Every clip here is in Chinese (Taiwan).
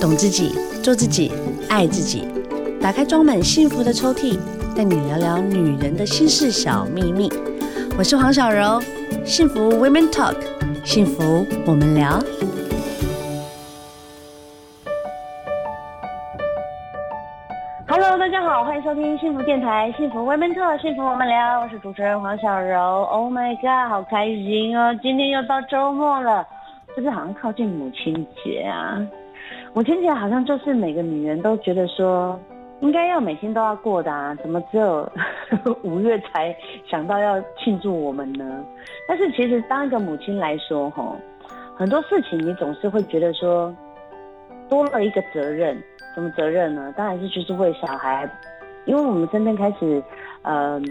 懂自己，做自己，愛自己。打開裝滿幸福的抽屜，帶你聊聊女人的心事小秘密。我是黃小柔，幸福 Women Talk，幸福我們聊。Hello，大家好，歡迎收聽幸福電台《幸福 Women Talk》，幸福我們聊。我是主持人黃小柔。Oh my god，好開心哦！今天又到周末了，是不是好像靠近母親節啊？我聽起來好像就是每個女人都覺得說，應該要每天都要過的啊，怎麼只有呵呵五月才想到要慶祝我們呢？但是其實當一個母親來說，很多事情你總是會覺得說，多了一個責任，什麼責任呢？當然是就是為小孩，因為我們身邊開始，嗯、呃，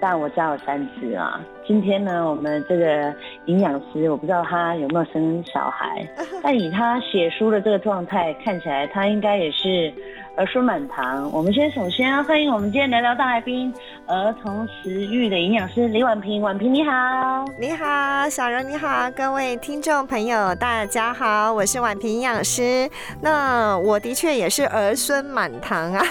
但我家有三隻啊。今天呢，我們這個營養師，我不知道他有沒有生小孩，但以他寫書的這個狀態，看起來他應該也是。兒孫滿堂，我們先首先要歡迎我們今天聊聊大來賓，兒童食育的營養師李婉萍。婉萍你好，你好，小柔你好，各位聽眾朋友大家好，我是婉萍營養師。那我的確也是兒孫滿堂啊，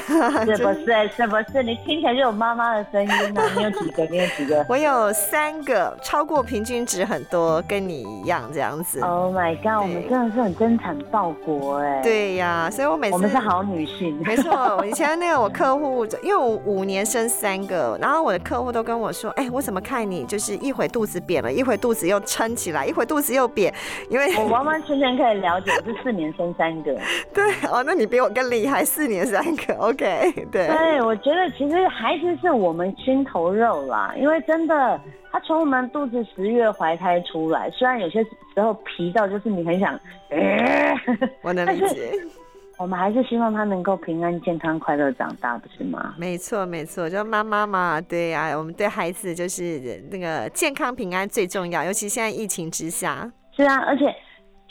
是不是？是不是？你聽起來就有媽媽的聲音呢？啊？你 有幾個？你有幾個？我有三個，超過平均值很多，跟你一樣這樣子。Oh my god，我們真的是很增產報國哎。對呀，啊，所以我每次我們是好女性。 沒錯，以前那個我客戶，因為我五年生三個，然後我的客戶都跟我說，哎、欸，我怎麼看你，就是一會肚子扁了，一會肚子又撐起來，一會肚子又扁，因為我完完全全可以了解， 是四年生三個。對哦，那你比我更厲害，四年三個，OK，對。對，我覺得其實還是是我們心頭肉啦，因為真的，他從我們肚子十月懷胎出來，雖然有些時候皮到就是你很想，哎、呃，我能理解。 我們還是希望他能夠平安、健康、快樂長大，不是嗎？沒錯，沒錯，就媽媽嘛，對呀，啊，我們對孩子就是那個健康平安最重要，尤其現在疫情之下。是啊，而且，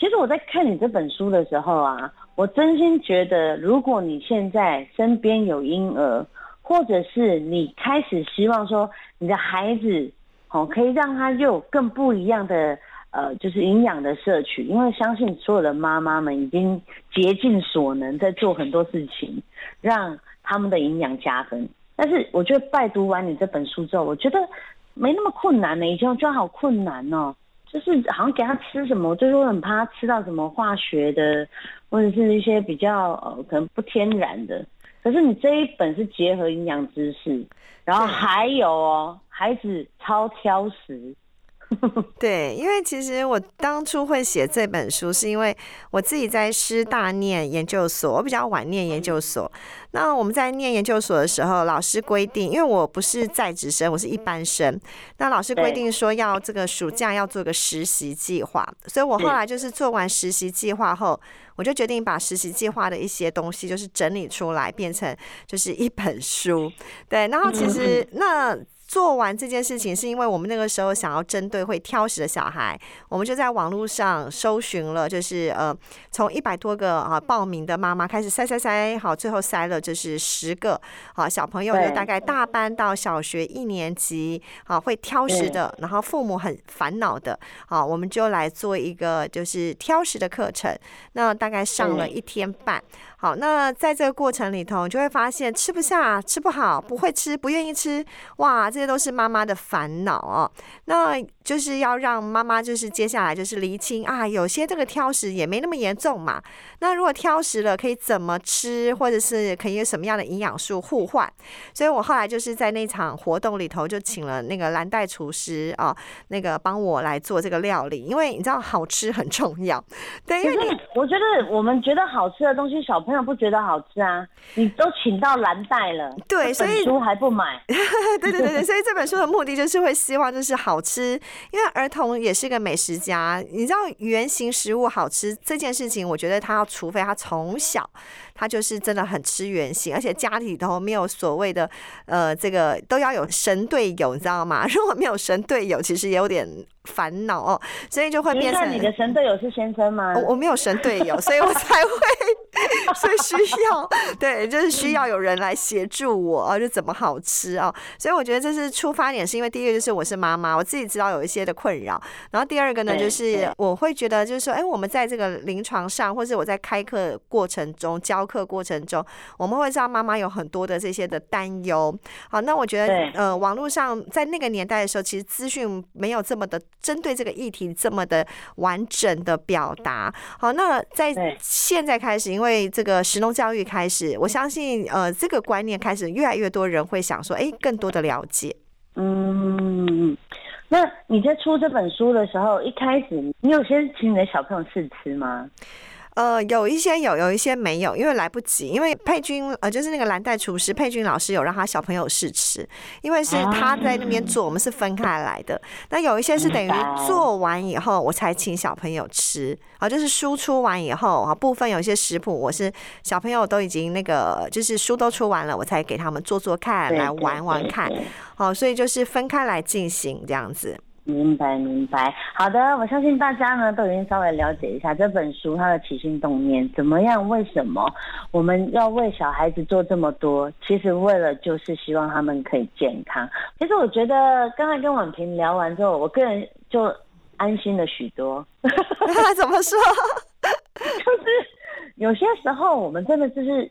其實我在看你這本書的時候啊，我真心覺得，如果你現在身邊有嬰兒，或者是你開始希望說你的孩子，哦，可以讓他又有更不一樣的。呃，就是營養的攝取，因為相信所有的媽媽們已經竭盡所能在做很多事情，讓他們的營養加分。但是我覺得拜讀完你這本書之後，我覺得沒那麼困難了。欸，以前我覺得好困難哦，就是好像給他吃什麼，就是我很怕他吃到什麼化學的，或者是一些比較，呃，可能不天然的。可是你這一本是結合營養知識，然後還有哦，孩子超挑食。 對，因為其實我當初會寫這本書，是因為我自己在師大念研究所，我比較晚念研究所。那我們在念研究所的時候，老師規定，因為我不是在職生，我是一般生。那老師規定說要這個暑假要做個實習計劃，所以我後來就是做完實習計劃後，我就決定把實習計劃的一些東西，就是整理出來，變成就是一本書。對，然後其實那。 做完這件事情，是因為我們那個時候想要針對會挑食的小孩，我們就在網絡上搜尋了，就是呃，從一百多個啊報名的媽媽開始篩篩篩，好，最後篩了就是十個好、啊、小朋友，就大概大班到小學一年級、啊，好會挑食的，然後父母很煩惱的，好，我們就來做一個就是挑食的課程，那大概上了一天半。好，那在這個過程裡頭，你就會發現吃不下、吃不好、不會吃、不願意吃，哇，這些都是媽媽的煩惱哦。那就是要讓媽媽，就是接下來就是釐清啊，有些這個挑食也沒那麼嚴重嘛。那如果挑食了，可以怎麼吃，或者是可以有什麼樣的營養素互換？所以我後來就是在那場活動裡頭，就請了那個藍帶廚師啊，哦，那個幫我來做這個料理，因為你知道好吃很重要。對，因為你我覺得我們覺得好吃的東西少。不覺得好吃啊？你都請到藍帶了，對，所以書還不買？ 對對對，所以這本書的目的就是會希望就是好吃，因為兒童也是一個美食家。你知道原型食物好吃這件事情，我覺得他要，除非他從小他就是真的很吃原型，而且家裡頭沒有所謂的呃這個都要有神隊友，你知道嗎？如果沒有神隊友，其實也有點。煩惱哦，所以就會變成。你，你的神隊友是先生嗎？我、哦、我沒有神隊友， 所以我才會， 所以需要對，就是需要有人來協助我就怎麼好吃啊、哦？所以我覺得這是出發點，是因為第一個就是我是媽媽，我自己知道有一些的困擾。然後第二個呢，就是我會覺得就是說，哎、欸，我們在這個臨床上，或是我在開課過程中、教課過程中，我們會知道媽媽有很多的這些的擔憂。好，那我覺得，呃，網絡上在那個年代的時候，其實資訊沒有這麼的。針對這個議題這麼的完整的表達。好，那在現在開始，因為這個食農教育開始，我相信呃，這個觀念開始越來越多人會想說，哎，更多的了解。嗯，那你在出這本書的時候，一開始你有先請你的小朋友試吃嗎？呃，有一些有，有一些沒有，因為來不及。因為佩君，呃，就是那個藍帶廚師佩君老師有讓他小朋友試吃，因為是他在那邊做，啊，我們是分開來的。那有一些是等於做完以後，我才請小朋友吃啊，就是書出完以後啊，部分有一些食譜我是小朋友都已經那個，就是書都出完了，我才給他們做做看，來玩玩看。好，啊，所以就是分開來進行這樣子。明白，明白。好的，我相信大家呢，都已經稍微了解一下這本書，它的起心動念怎麼樣，為什麼我們要為小孩子做這麼多？其實為了就是希望他們可以健康。其實我覺得剛才跟婉萍聊完之後，我個人就安心了許多。 怎麼說？就是有些時候我們真的就是。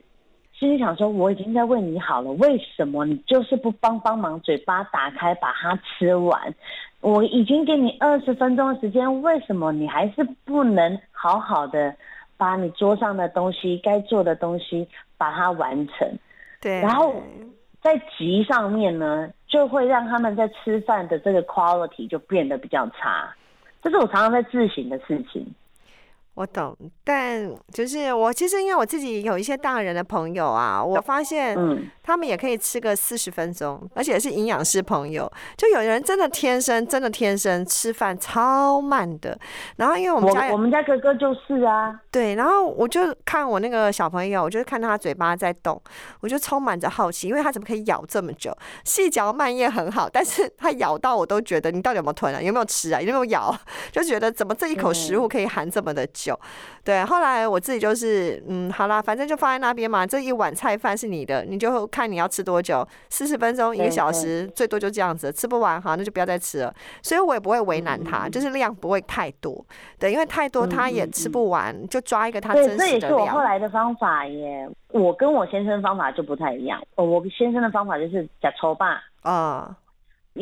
心裡想說我已經在為你好了，為什麼你就是不幫幫忙？嘴巴打開，把它吃完，我已經給你二十分鐘時間，為什麼你還是不能好好的把你桌上的東西、該做的東西把它完成？對，然後在急上面呢，就會讓他們在吃飯的這個 quality 就變得比較差。這是我常常在自省的事情。我懂，但就是我其實因為我自己有一些大人的朋友啊，我發現他們也可以吃個四十分鐘，而且是營養師朋友。就有人真的天生真的天生吃飯超慢的，然後因為我們家我,我們家哥哥就是啊，對，然後我就看我那個小朋友，我就看到他嘴巴在動，我就充滿着好奇，因為他怎麼可以咬這麼久？細嚼慢咽很好，但是他咬到我都覺得你到底有沒有吞啊？有沒有吃啊？有沒有咬？就覺得怎麼這一口食物可以含這麼的久？對，後來我自己就是嗯，好啦，反正就放在那邊嘛。這一碗菜飯是你的，你就看你要吃多久，四十分鐘、一個小時，對對對，最多就這樣子，吃不完哈，那就不要再吃了。所以我也不會為難他，嗯，就是量不會太多。對，因為太多他也吃不完，嗯嗯，就抓一個他真實的。對，那也是我後來的方法耶。我跟我先生方法就不太一樣。哦，我先生的方法就是假抽吧啊，嗯，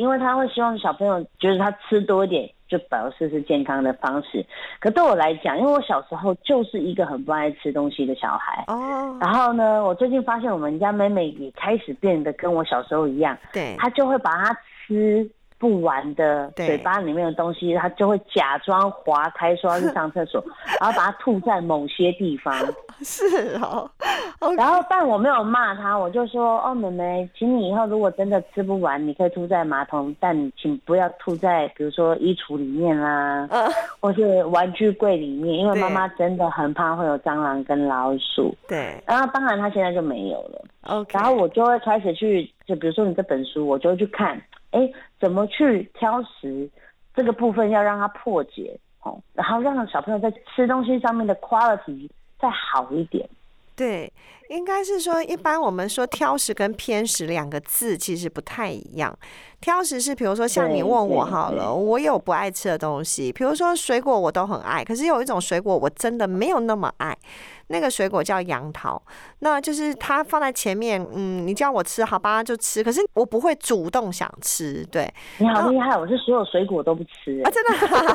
因為他會希望小朋友覺得他吃多一點。就表示是健康的方式，可對我來講，因為我小時候就是一個很不愛吃東西的小孩，oh. 然後呢，我最近發現我們家妹妹也開始變得跟我小時候一樣，對，她就會把它吃不完的嘴巴裡面的東西，他就會假裝滑開，說要去上廁所， 然後把它吐在某些地方。是哦，okay。然後但我沒有罵他，我就說：“哦，妹妹，請你以後如果真的吃不完，你可以吐在馬桶，但請不要吐在比如說衣櫥裡面啦，uh, 或是玩具櫃裡面，因為媽媽真的很怕會有蟑螂跟老鼠。”對。然後當然他現在就沒有了。Okay. 然後我就會開始去，就比如說你這本書，我就會去看，欸怎麼去挑食？這個部分要讓他破解哦，然後讓小朋友在吃東西上面的 quality 再好一點，對。應該是說，一般我們說挑食跟偏食兩個字其實不太一樣。挑食是比如說像你問我好了，對對對，我有不愛吃的東西，比如說水果我都很愛，可是有一種水果我真的沒有那麼愛。那個水果叫楊桃，那就是它放在前面，嗯，你叫我吃好吧，就吃，可是我不會主動想吃。對，你好厲害，我是所有水果都不吃，啊，真的？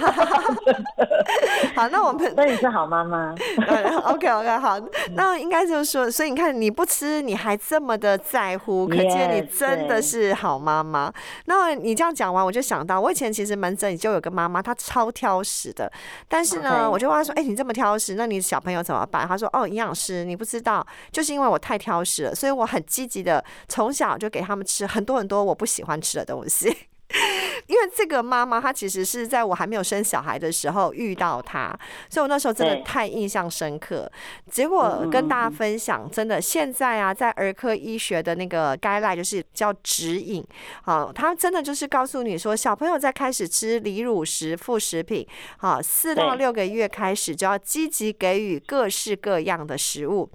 好，那我們那你是好媽媽。 OK OK，好，那應該就是說。所以你看，你不吃，你還這麼的在乎，可見你真的是好媽媽。Yes. 那你這樣講完，我就想到，我以前其實門診裡就有個媽媽，她超挑食的，但是呢，Okay. 我就問她說：“哎、欸，你這麼挑食，那你小朋友怎麼辦？”她說：“哦，營養師，你不知道，就是因為我太挑食了，所以我很積極的，從小就給他們吃很多很多我不喜歡吃的東西。” 因為這個媽媽，她其實是在我還沒有生小孩的時候遇到她，所以我那時候真的太印象深刻。結果跟大家分享，真的現在啊，在兒科醫學的那個 guideline，就是叫指引，好、啊，他真的就是告訴你說，小朋友在開始吃離乳食副食品，好、啊，四到六個月開始就要積極給予各式各樣的食物，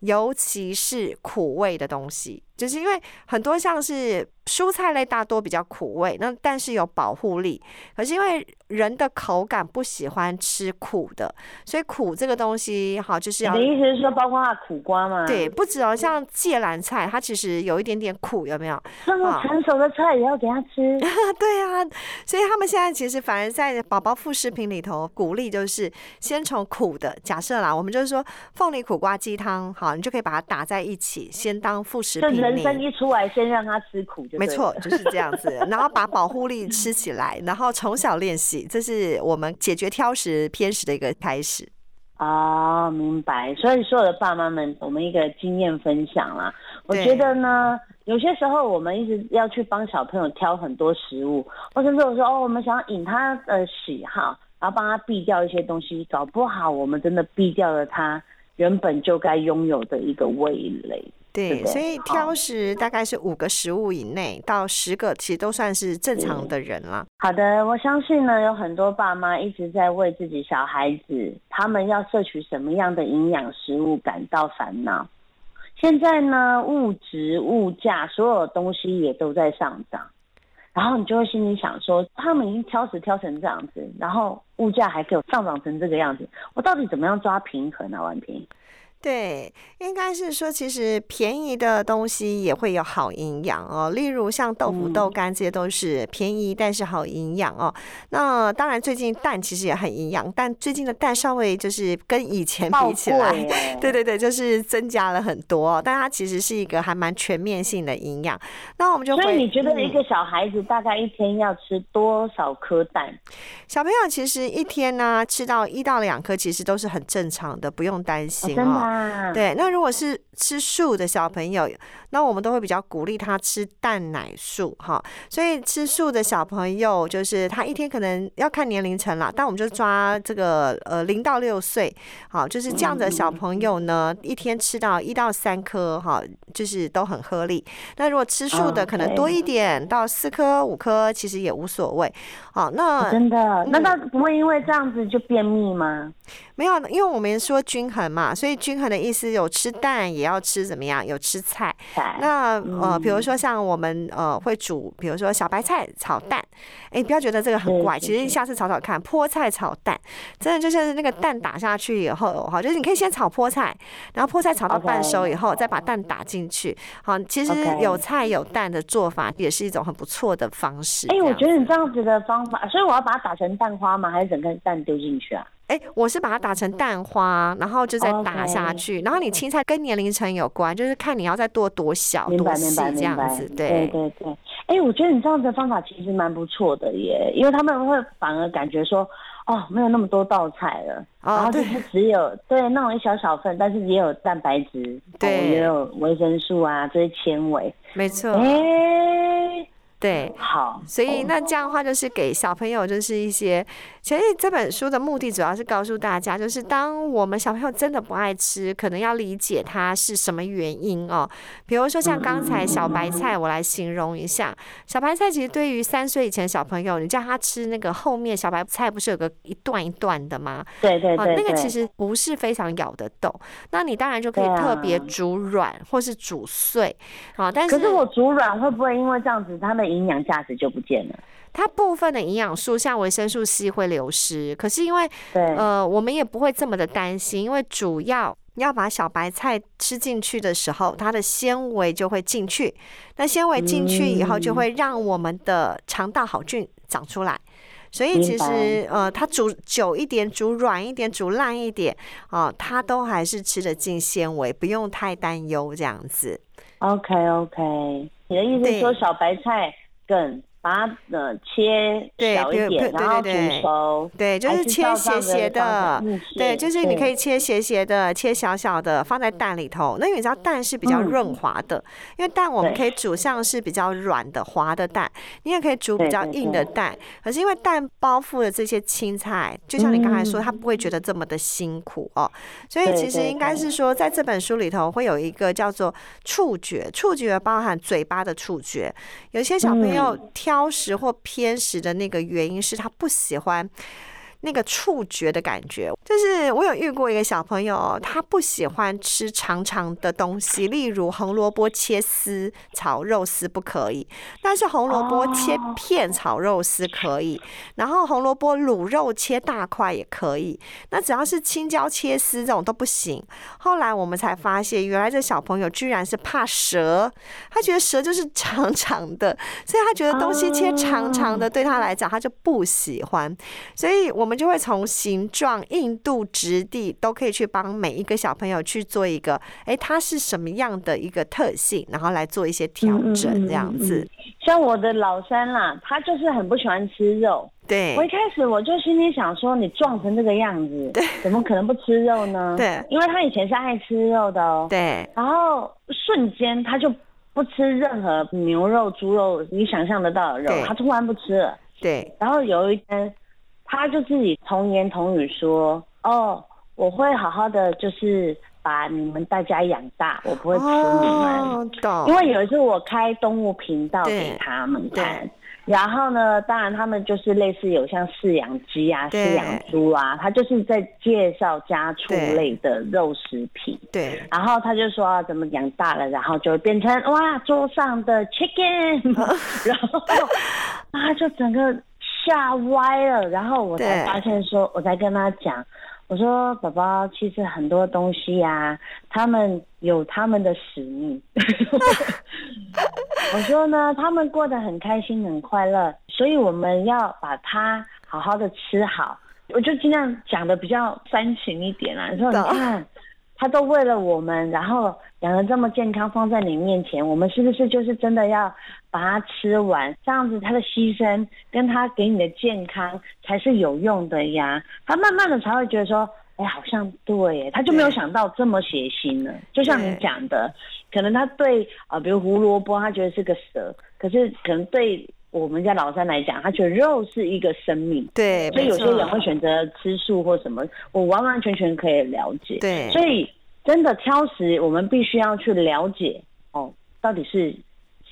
尤其是苦味的東西。就是因為很多像是蔬菜類大多比較苦味，那但是有保護力，可是因為人的口感不喜歡吃苦的，所以苦這個東西哈就是要。你的意思是說包括苦瓜嗎？對，不止哦，像芥藍菜、嗯、它其實有一點點苦，有沒有？那麼成熟的菜也要給他吃。 對啊，所以他們現在其實反而在寶寶副食品裡頭鼓勵，就是先從苦的假設啦，我們就是說鳳梨苦瓜雞湯，好，你就可以把它打在一起，先當副食品。人生一出來，先讓他吃苦就沒錯，就是這樣子。 然後把保護力吃起來，然後從小練習，這是我們解決挑食偏食的一個開始。啊、哦，明白。所以所有的爸媽們，我們一個經驗分享啦。我覺得呢，有些時候我們一直要去幫小朋友挑很多食物，或者是說哦，我們想要引他的喜好，然後幫他避掉一些東西，搞不好我們真的避掉了他原本就該擁有的一個味蕾。對，所以挑食大概是五個食物以內、哦、到十個，其實都算是正常的人了。好的，我相信呢，有很多爸媽一直在為自己小孩子他們要攝取什麼樣的營養食物感到煩惱。現在呢，物質物價所有東西也都在上漲，然後你就會心裡想說，他們已經挑食挑成這樣子，然後物價還可以上漲成這個樣子，我到底怎麼樣抓平衡呢、啊？婉萍。對，應該是說，其實便宜的東西也會有好營養哦。例如像豆腐、嗯、豆乾，這些都是便宜但是好營養哦。那當然，最近蛋其實也很營養，但最近的蛋稍微就是跟以前比起來， 對對對，就是增加了很多、哦。但它其實是一個還蠻全面性的營養。那我們就回。所以你覺得一個小孩子大概一天要吃多少顆蛋？嗯、小朋友其實一天呢、啊、吃到一到兩顆，其實都是很正常的，不用擔心哦。哦啊、對，那如果是吃素的小朋友，那我們都會比較鼓勵他吃蛋奶素哈。所以吃素的小朋友，就是他一天可能要看年齡層啦，但我們就抓這個呃零到六歲，好，就是這樣的小朋友呢，嗯、一天吃到一到三顆哈，就是都很合理。那如果吃素的可能多一點、啊 okay、到四顆五顆，其實也無所謂。好，那、啊、真的，難道不會因為這樣子就便秘嗎？沒有，因為我們說均衡嘛，所以均衡的意思有吃蛋，也要吃怎麼樣？有吃菜。那呃、嗯，比如說像我們呃會煮，比如說小白菜炒蛋，誒、欸，不要覺得這個很怪，其實下次炒炒看，菠菜炒蛋，真的就是那個蛋打下去以後、哦，哈，就是你可以先炒菠菜，然後菠菜炒到半熟以後，再把蛋打進去。好，其實有菜有蛋的做法也是一種很不錯的方式。誒，我覺得你這樣子的方法，所以我要把它打成蛋花嗎？還是整個蛋丟進去啊？哎，我是把它打成蛋花，嗯、然後就再打下去。哦、okay, 然後你青菜跟年齡層有關，嗯、就是看你要再剁多小、多細這樣子。對對對。哎，我覺得你這樣的方法其實蠻不錯的耶，因為他們會反而感覺說，哦，沒有那麼多道菜了。啊，然後就是對。只有對那種一小小份，但是也有蛋白質，對，也有維生素啊，這些纖維，沒錯。哎。對，好。所以那這樣的話，就是給小朋友，就是一些、哦，其實這本書的目的主要是告訴大家，就是當我們小朋友真的不愛吃，可能要理解他是什麼原因哦。比如說像剛才小白菜，我來形容一下，嗯嗯嗯嗯，小白菜其實對於三歲以前小朋友，你叫他吃那個後面小白菜，不是有個一段一段的嗎？對對對，對、哦。那個其實不是非常咬得動。那你當然就可以特別煮軟，或是煮碎。好、啊哦，但是可是我煮軟會不會因為這樣子他們？營養價值就不見了，它部分的營養素像維生素 C 會流失，可是因為對，呃，我們也不會這麼的擔心，因為主要要把小白菜吃進去的時候，它的纖維就會進去，那纖維進去以後就會讓我們的腸道好菌長出來，嗯、所以其實呃，它煮久一點、煮軟一點、煮爛一點啊、呃，它都還是吃得進纖維，不用太擔憂這樣子。OK OK。你的意思是說小白菜梗？啊，的、呃、切對，對，對，對，對，對，對就是切斜、斜斜的，對，就是你可以切斜斜的，切小小的，放在蛋裡頭。那因為你知道蛋是比較潤滑的，嗯、因為蛋我們可以煮像是比較軟的滑的蛋，你也可以煮比較硬的蛋對對對。可是因為蛋包覆了這些青菜，就像你剛才說，嗯、他不會覺得這麼的辛苦哦。所以其實應該是說，在這本書裡頭會有一個叫做觸覺對對對，觸覺包含嘴巴的觸覺，有些小朋友挑、嗯。挑食或偏食的那個原因是他不喜歡。那個觸覺的感覺，就是我有遇過一個小朋友，他不喜歡吃長長的東西，例如紅蘿蔔切絲炒肉絲不可以，但是紅蘿蔔切片炒肉絲可以，Oh. 然後紅蘿蔔滷肉切大塊也可以，那隻要是青椒切絲這種都不行。後來我們才發現，原來這小朋友居然是怕蛇，他覺得蛇就是長長的，所以他覺得東西切長長的對他來講，Oh. 他就不喜歡，所以我。我們就會從形狀、硬度、質地都可以去幫每一個小朋友去做一個，哎，它是什麼樣的一個特性，然後來做一些調整，這樣子。像我的老三啦，他就是很不喜歡吃肉。對。我一開始我就心裡想說，你壯成這個樣子，對，怎麼可能不吃肉呢？對，因為他以前是愛吃肉的哦。對。然後瞬間他就不吃任何牛肉、豬肉，你想象得到的肉，他突然不吃了。對。然後有一天。他就自己童言童語說：“哦，我會好好的，就是把你們大家養大，我不會吃你們、哦。因為有一次我開動物頻道給他們看，然後呢，當然他們就是類似有像飼養雞啊、飼養豬啊，他就是在介紹家畜類的肉食品。對，對然後他就說、啊、怎麼養大了，然後就變成哇桌上的 chicken，、哦、 然後啊就整個。”嚇歪了，然後我才發現說，我才跟他講，我說寶寶，其實很多東西呀、啊，他們有他們的使命。 我說呢，他們過得很開心，很快樂，所以我們要把它好好的吃好。我就盡量講得比較煽情一點啊，你說你看。他都為了我們，然後養得這麼健康，放在你面前，我們是不是就是真的要把它吃完？這樣子他的犧牲跟他給你的健康才是有用的呀。他慢慢的才會覺得說，哎，好像對，他就沒有想到這麼血腥了。就像你講的，可能他對啊、呃，比如胡蘿蔔，他覺得是個蛇，可是可能對。我們家老三來講，他覺得肉是一個生命，對，所以有些人會選擇吃素或什麼，我完完全全可以了解，對，所以真的挑食，我們必須要去了解哦，到底是。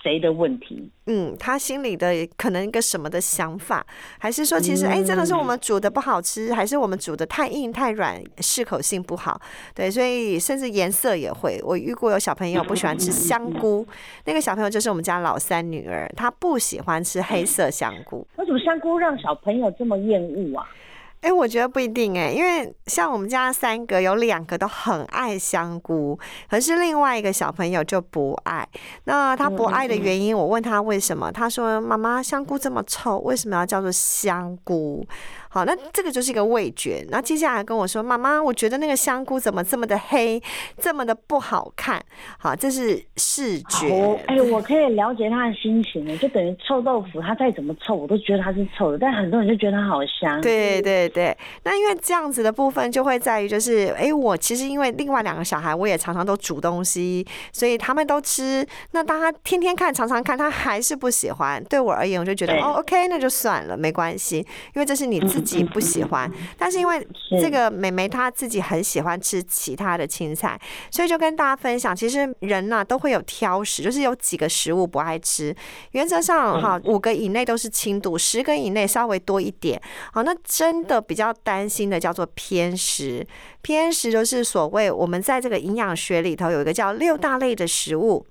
誰的問題？嗯，他心裡的可能一個什麼的想法，嗯、還是說其實哎、欸，真的是我們煮的不好吃，嗯、還是我們煮的太硬太軟，適口性不好？對，所以甚至顏色也會。我遇過有小朋友不喜歡吃香菇，嗯嗯、那個小朋友就是我們家老三女兒，她不喜歡吃黑色香菇、嗯。為什麼香菇讓小朋友這麼厭惡啊？哎，我覺得不一定哎，因為像我們家三個，有兩個都很愛香菇，可是另外一個小朋友就不愛。那他不愛的原因，我問他為什麼，嗯嗯，他說：“媽媽，香菇這麼臭，為什麼要叫做香菇？”好，那這個就是一個味覺。那接下來跟我說，媽媽，我覺得那個香菇怎麼這麼的黑，這麼的不好看。好，這是視覺。哎、哦欸，我可以了解他的心情。就等於臭豆腐，他再怎麼臭，我都覺得它是臭的。但很多人就覺得它好香。對對對。那因為這樣子的部分就會在於，就是哎、欸，我其實因為另外兩個小孩，我也常常都煮東西，所以他們都吃。那當他天天看，常常看，他還是不喜歡。對我而言，我就覺得哦 OK，那就算了，沒關係，因為這是你自己、嗯。自己不喜歡，但是因為這個美眉她自己很喜歡吃其他的青菜，所以就跟大家分享，其實人呢、啊、都會有挑食，就是有幾個食物不愛吃。原則上哈、哦，五個以內都是輕度，十個以內稍微多一點。好、哦，那真的比較擔心的叫做偏食，偏食就是所謂我們在這個營養學裡頭有一個叫六大類的食物。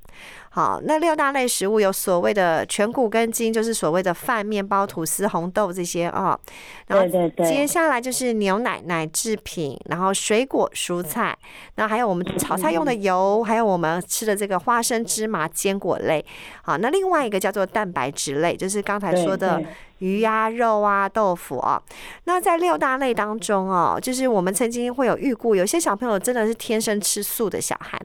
好，那六大類食物有所謂的全穀根莖，就是所謂的飯、麵包、吐司、紅豆這些啊、哦。然後接下來就是牛奶、奶製品，然後水果蔬菜，那還有我們炒菜用的油，還有我們吃的這個花生、芝麻、堅果類。好，那另外一個叫做蛋白質類，就是剛才說的。魚呀、啊、肉啊、豆腐哦。那在六大類當中哦，就是我們曾經會有遇過，有些小朋友真的是天生吃素的小孩，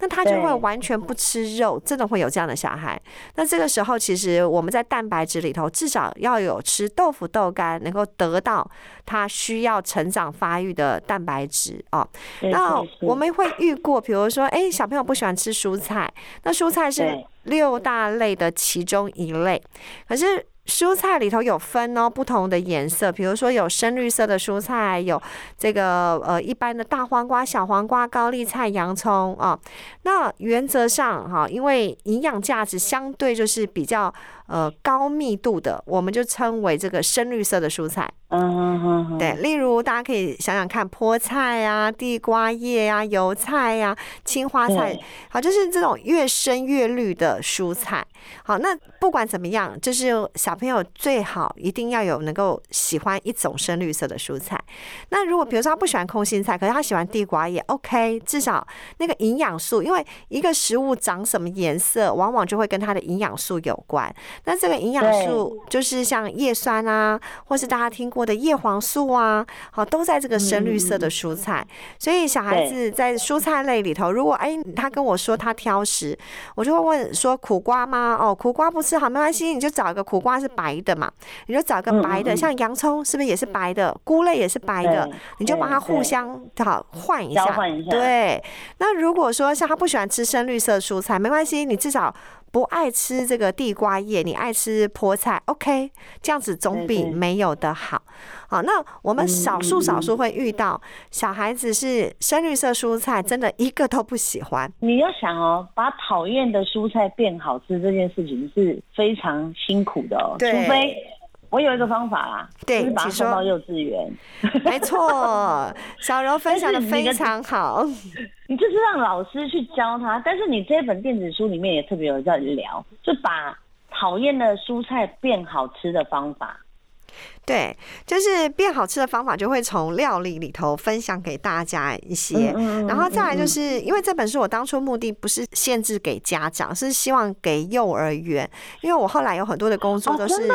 那他就會完全不吃肉，真的會有這樣的小孩。那這個時候，其實我們在蛋白質裡頭至少要有吃豆腐、豆干，能夠得到他需要成長發育的蛋白質哦。那我們會遇過，比如說，哎、欸，小朋友不喜歡吃蔬菜，那蔬菜是六大類的其中一類，可是。蔬菜裡頭有分哦，不同的顏色，比如說有深綠色的蔬菜，有這個呃一般的大黃瓜、小黃瓜、高麗菜、洋蔥啊、哦。那原則上哈、哦，因為營養價值相對就是比較。呃，高密度的，我們就稱為這個深綠色的蔬菜。嗯嗯嗯。對，例如大家可以想想看，菠菜啊、地瓜葉呀、油菜呀、啊、青花菜，好，就是這種越深越綠的蔬菜。好，那不管怎麼樣，就是小朋友最好一定要有能夠喜歡一種深綠色的蔬菜。那如果比如說他不喜歡空心菜，可是他喜歡地瓜葉，OK，至少那個營養素，因為一個食物長什麼顏色，往往就會跟它的營養素有關。那這個營養素就是像葉酸啊，或是大家聽過的葉黃素啊，好，都在這個深綠色的蔬菜，嗯。所以小孩子在蔬菜類裡頭，如果哎、欸、他跟我說他挑食，我就會問說苦瓜嗎？哦，苦瓜不吃，好，沒關係，你就找一個苦瓜是白的嘛，你就找一個白的，嗯，像洋蔥是不是也是白的？嗯，菇類也是白的，你就幫它互相好換一,一下。對。那如果說像他不喜歡吃深綠色蔬菜，沒關係，你至少。不愛吃這個地瓜葉，你愛吃菠菜，OK，這樣子總比沒有的好。對對對，好，那我們少數少數會遇到小孩子是深綠色蔬菜對對對，真的一個都不喜歡。你要想哦，把討厭的蔬菜變好吃這件事情是非常辛苦的哦，對除非。我有一個方法啦、啊，對，就是，把它送到幼稚園， 沒錯，小柔分享的非常好你。你就是讓老師去教他，但是你這一本電子書裡面也特別有在聊，就把討厭的蔬菜變好吃的方法。對，就是變好吃的方法，就會從料理裡頭分享給大家一些。嗯嗯嗯嗯嗯，然後再來，就是因為這本書我當初目的不是限制給家長，是希望給幼兒園，因為我後來有很多的工作都是、哦。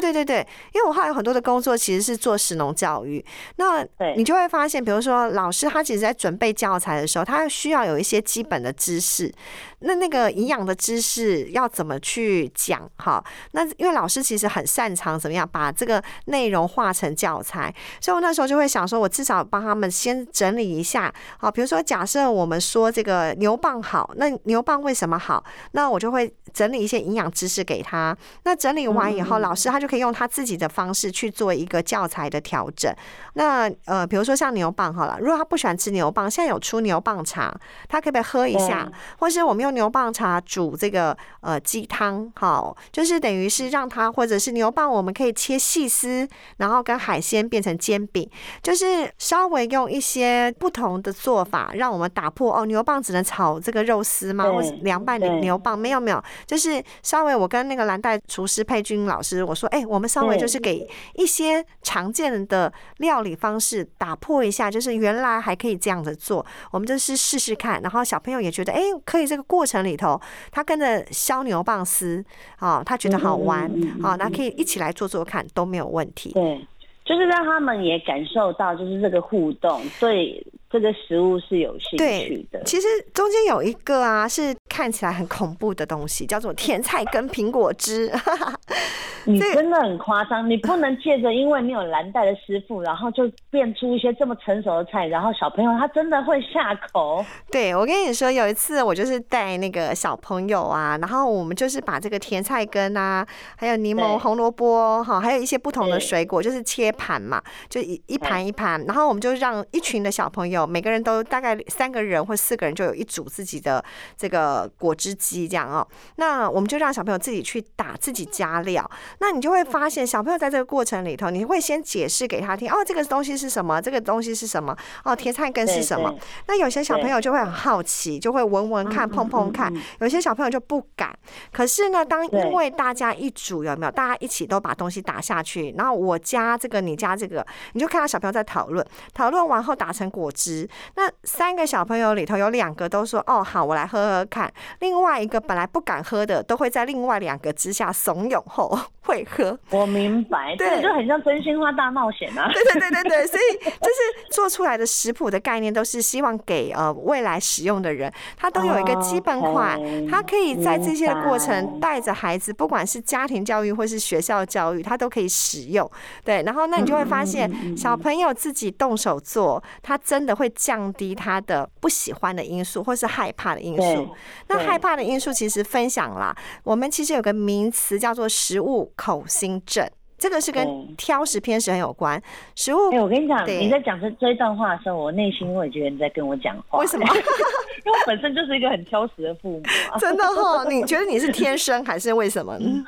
對對對對，因為我還有很多的工作其實是做食農教育，那你就會發現，比如說老師他其實，在準備教材的時候，他需要有一些基本的知識，那那個營養的知識要怎麼去講？哈，那因為老師其實很擅長怎麼樣把這個內容化成教材，所以我那時候就會想說，我至少幫他們先整理一下，好，比如說假設我們說這個牛蒡好，那牛蒡為什麼好？那我就會整理一些營養知識給他。那整理完以後，老師他就、嗯。就可以用他自己的方式去做一個教材的調整。那呃，比如說像牛蒡，好了，如果他不喜歡吃牛蒡，現在有出牛蒡茶，他可不可以喝一下？或是我們用牛蒡茶煮這個呃雞湯，好，就是等於是讓他或者是牛蒡，我們可以切細絲，然後跟海鮮變成煎餅，就是稍微用一些不同的做法，讓我們打破哦，牛蒡只能炒這個肉絲嗎？或是涼拌牛蒡沒有沒有，就是稍微我跟那個藍帶廚師佩君老師我說。誒，哎，我們稍微就是給一些常見的料理方式打破一下，就是原來還可以這樣子做，我們就是試試看，然後小朋友也覺得哎、欸、可以，這個過程裡頭他跟着削牛蒡絲啊，他覺得好，好玩好，那可以一起來做做看都沒有問題。對，就是讓他們也感受到就是這個互動，所以。這個食物是有興趣的。其實中間有一個啊，是看起來很恐怖的東西，叫做甜菜根蘋果汁。 你真的很誇張， 你不能借着因為你有藍帶的師傅，然後就變出一些這麼成熟的菜，然後小朋友他真的會下口？對，我跟你說，有一次我就是帶那個小朋友啊，然後我們就是把這個甜菜根啊，還有檸檬、紅蘿蔔哈，還有一些不同的水果，就是切盤嘛，就一一盤一盤，然後我們就讓一群的小朋友。每個人都大概三個人或四個人就有一組自己的這個果汁機，這樣哦。那我們就讓小朋友自己去打，自己加料。那你就會發現，小朋友在這個過程裡頭，你會先解釋給他聽哦，這個東西是什麼，這個東西是什麼哦，甜菜根是什麼。那有些小朋友就會很好奇，就會聞聞看，碰碰看。有些小朋友就不敢。可是呢，當因為大家一組有沒有？大家一起都把東西打下去，然後我加這個，你加這個，你就看到小朋友在討論，討論完後打成果汁。十，那三個小朋友裡頭有兩個都說哦，好，我來喝喝看。另外一個本來不敢喝的都會在另外兩個之下慫恿後會喝。我明白。對，就很像真心話大冒險啊。對對對對對，所以就是做出來的食譜的概念都是希望給呃，未來使用的人，他都有一個基本款，他可以在這些過程帶着孩子，不管是家庭教育或是學校教育，他都可以使用。對，然後，那你就會發現小朋友自己動手做，他真的。會降低他的不喜歡的因素，或是害怕的因素。那害怕的因素其實分享啦，我們其實有個名詞叫做食物恐新症，這個是跟挑食偏食很有關。食物，哎、欸，我跟你講，你在講這一段話的時候，我內心會覺得你在跟我講話。為什麼？ 因為我本身就是一個很挑食的父母、啊。 真的、哦、你覺得你是天生還是為什麼呢？ 嗯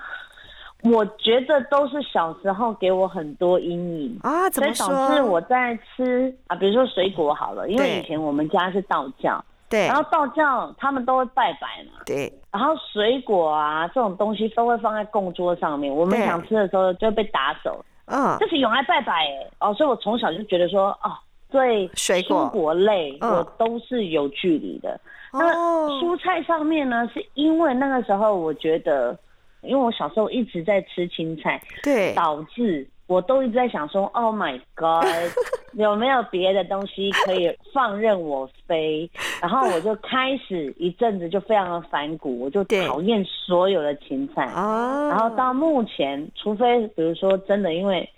我覺得都是小時候給我很多陰影啊，怎麼說？所以導致我在吃啊，比如說水果好了，因為以前我們家是道教，對，然後道教他們都會拜拜嘛，對，然後水果啊這種東西都會放在供桌上面，我們想吃的時候就會被打走，嗯，這是用來拜拜、欸哦，哦，所以我從小就覺得說，哦，對，水果類我都是有距離的、哦，那蔬菜上面呢，是因為那個時候我覺得。因為我小時候一直在吃青菜，對，導致我都一直在想說，Oh my God， 有沒有別的東西可以放任我飛？然後我就開始一陣子就非常的反骨，我就討厭所有的青菜。然後到目前，除非比如說真的因為。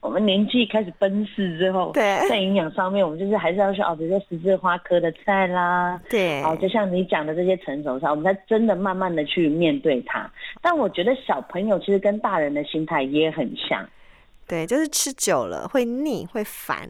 我們年紀開始奔四之後，對，在營養上面，我們就是還是要去哦，比如說十字花科的菜啦，對，哦，就像你講的這些成熟菜，我們才真的慢慢的去面對它。但我覺得小朋友其實跟大人的心態也很像，對，就是吃久了會膩會煩。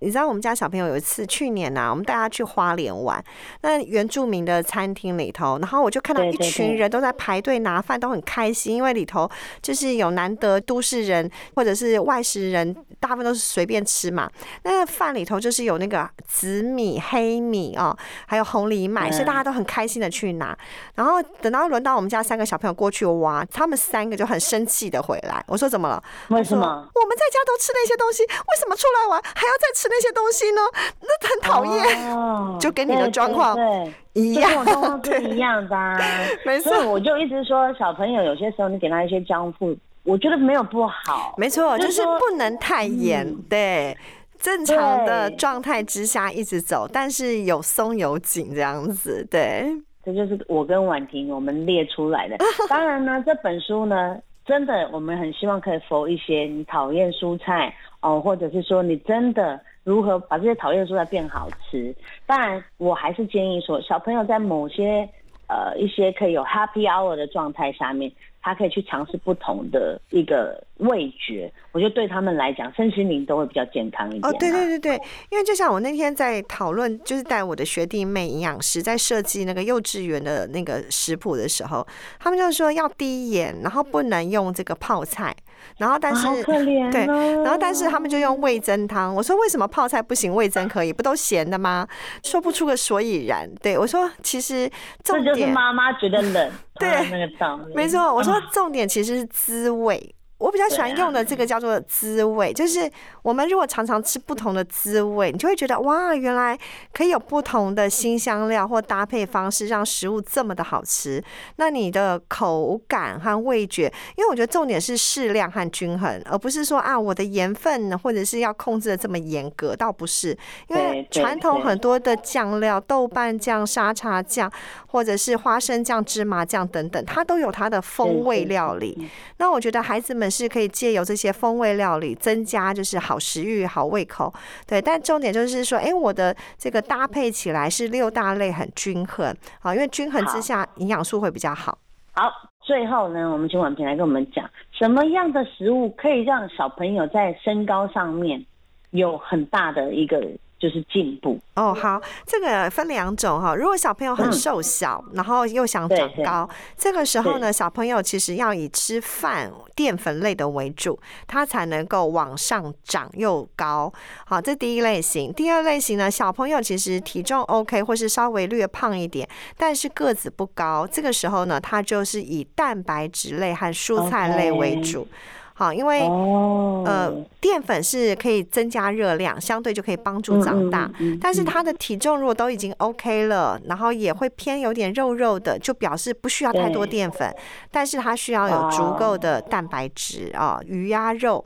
你知道我們家小朋友有一次去年吶、啊，我們帶他去花蓮玩，那原住民的餐廳裡頭，然後我就看到一群人都在排隊拿飯，都很開心，因為裡頭就是有難得都市人或者是外食人，大部分都是隨便吃嘛。那飯、個、裡頭就是有那個紫米、黑米哦、喔，還有紅藜麥，所以大家都很開心的去拿。然後等到輪到我們家三個小朋友過去哇，他們三個就很生氣的回來。我說怎麼了？為什麼？我們在家都吃那些東西，為什麼出來玩還要再吃？那些東西呢？那很討厭，oh, 就跟你的狀況一樣，對，對，對，一，樣對一樣的、啊。沒錯，我就一直說小朋友有些時候你給他一些交付，我覺得沒有不好。沒錯、就是，就是不能太嚴、嗯。對，正常的狀態之下一直走，但是有鬆有緊這樣子。對，這就是我跟婉萍我們列出來的。 當然呢，這本書呢，真的我們很希望可以否一些你討厭蔬菜哦，或者是說你真的。如何把這些討厭蔬菜變好吃？當然，我還是建議說，小朋友在某些呃一些可以有 happy hour 的狀態下面，他可以去嘗試不同的一個味覺。我覺得對他們來講，身心靈都會比較健康一點啊。哦，對對對對，因為就像我那天在討論，就是帶我的學弟妹營養師在設計那個幼稚園的那個食譜的時候，他們就說要低鹽，然後不能用這個泡菜。然後，但是對，然後但是他們就用味噌湯。我說為什麼泡菜不行，味噌可以？不都鹹的嗎？說不出個所以然。對我說，其實重點就是媽媽覺得冷，對那個湯，沒錯。我說重點其實是滋味。我比較喜歡用的這個叫做滋味，就是我們如果常常吃不同的滋味，你就會覺得哇，原來可以有不同的辛香料或搭配方式，讓食物這麼的好吃。那你的口感和味覺，因為我覺得重點是適量和均衡，而不是說啊，我的鹽分或者是要控制的這麼嚴格，倒不是。因為傳統很多的醬料，豆瓣醬、沙茶醬，或者是花生醬、芝麻醬等等，它都有它的風味料理。那我覺得孩子們。是可以借由這些風味料理增加，就是好食欲、好胃口，對。但重點就是說，誒，我的這個搭配起來是六大類很均衡，好，因為均衡之下營養素會比較好，好。好，最後呢，我們請婉萍來跟我們講，什麼樣的食物可以讓小朋友在身高上面有很大的一個？就是進步哦，oh, 好，這個分兩種哈。如果小朋友很瘦小，嗯、然後又想長高，這個時候呢，小朋友其實要以吃飯澱粉類的為主，他才能夠往上長又高。好，這第一類型。第二類型呢，小朋友其實體重 OK，或是稍微略胖一點，但是個子不高，這個時候呢，他就是以蛋白質類和蔬菜類為主。Okay. 好，因為、oh. 呃。澱粉是可以增加熱量，相對就可以幫助長大。但是他的體重如果都已經 OK 了，然後也會偏有點肉肉的，就表示不需要太多澱粉。但是他需要有足夠的蛋白質啊，魚、鴨、肉。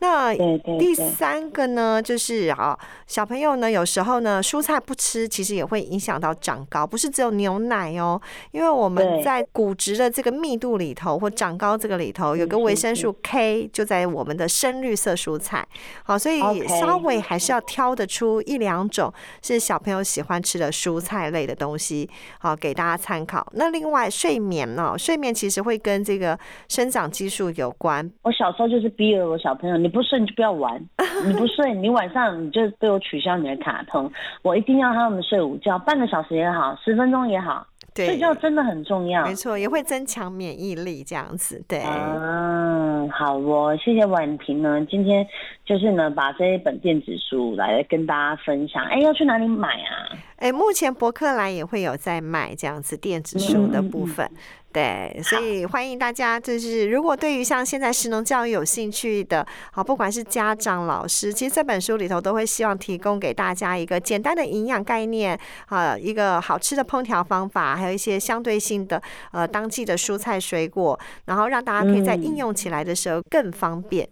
那第三個呢，就是啊，小朋友呢，有時候呢，蔬菜不吃，其實也會影響到長高，不是只有牛奶哦。因為我們在骨質的這個密度裡頭，或長高這個裡頭，有個維生素 K 就在我們的深綠色蔬菜。Okay, 好，所以稍微還是要挑得出一兩種是小朋友喜歡吃的蔬菜類的東西，好給大家參考。那另外睡眠呢、哦？睡眠其實會跟這個生長激素有關。我小時候就是逼著我小朋友，你不睡你就不要玩， 你不睡你晚上你就被我取消你的卡通，我一定要他們睡午覺，半個小時也好，十分鐘也好，對，睡覺真的很重要，沒錯，也會增強免疫力這樣子，對。Uh, 好，我謝謝婉萍呢。今天就是呢，把這一本電子書來跟大家分享。哎、欸，要去哪裡買啊？誒、欸，目前博客來也會有在賣這樣子電子書的部分，對，所以歡迎大家，就是如果對於像現在食農教育有興趣的，好，不管是家長、老師，其實這本書裡頭都會希望提供給大家一個簡單的營養概念，啊，一個好吃的烹調方法，還有一些相對性的呃當季的蔬菜水果，然後讓大家可以在應用起來的時候更方便。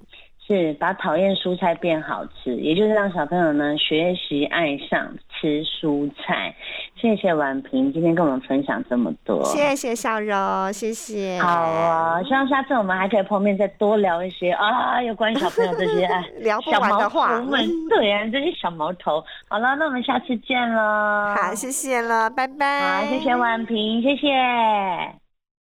是把討厭蔬菜變好吃，也就是讓小朋友呢學習愛上吃蔬菜。謝謝婉萍今天跟我們分享這麼多，謝謝小柔，謝謝。好啊，希望下次我們還可以碰面，再多聊一些啊，有關於小朋友這些啊， 聊不完的話。 對啊，這些小毛頭。好了，那我們下次見了。好，謝謝了，拜拜。好，謝謝婉萍，謝謝。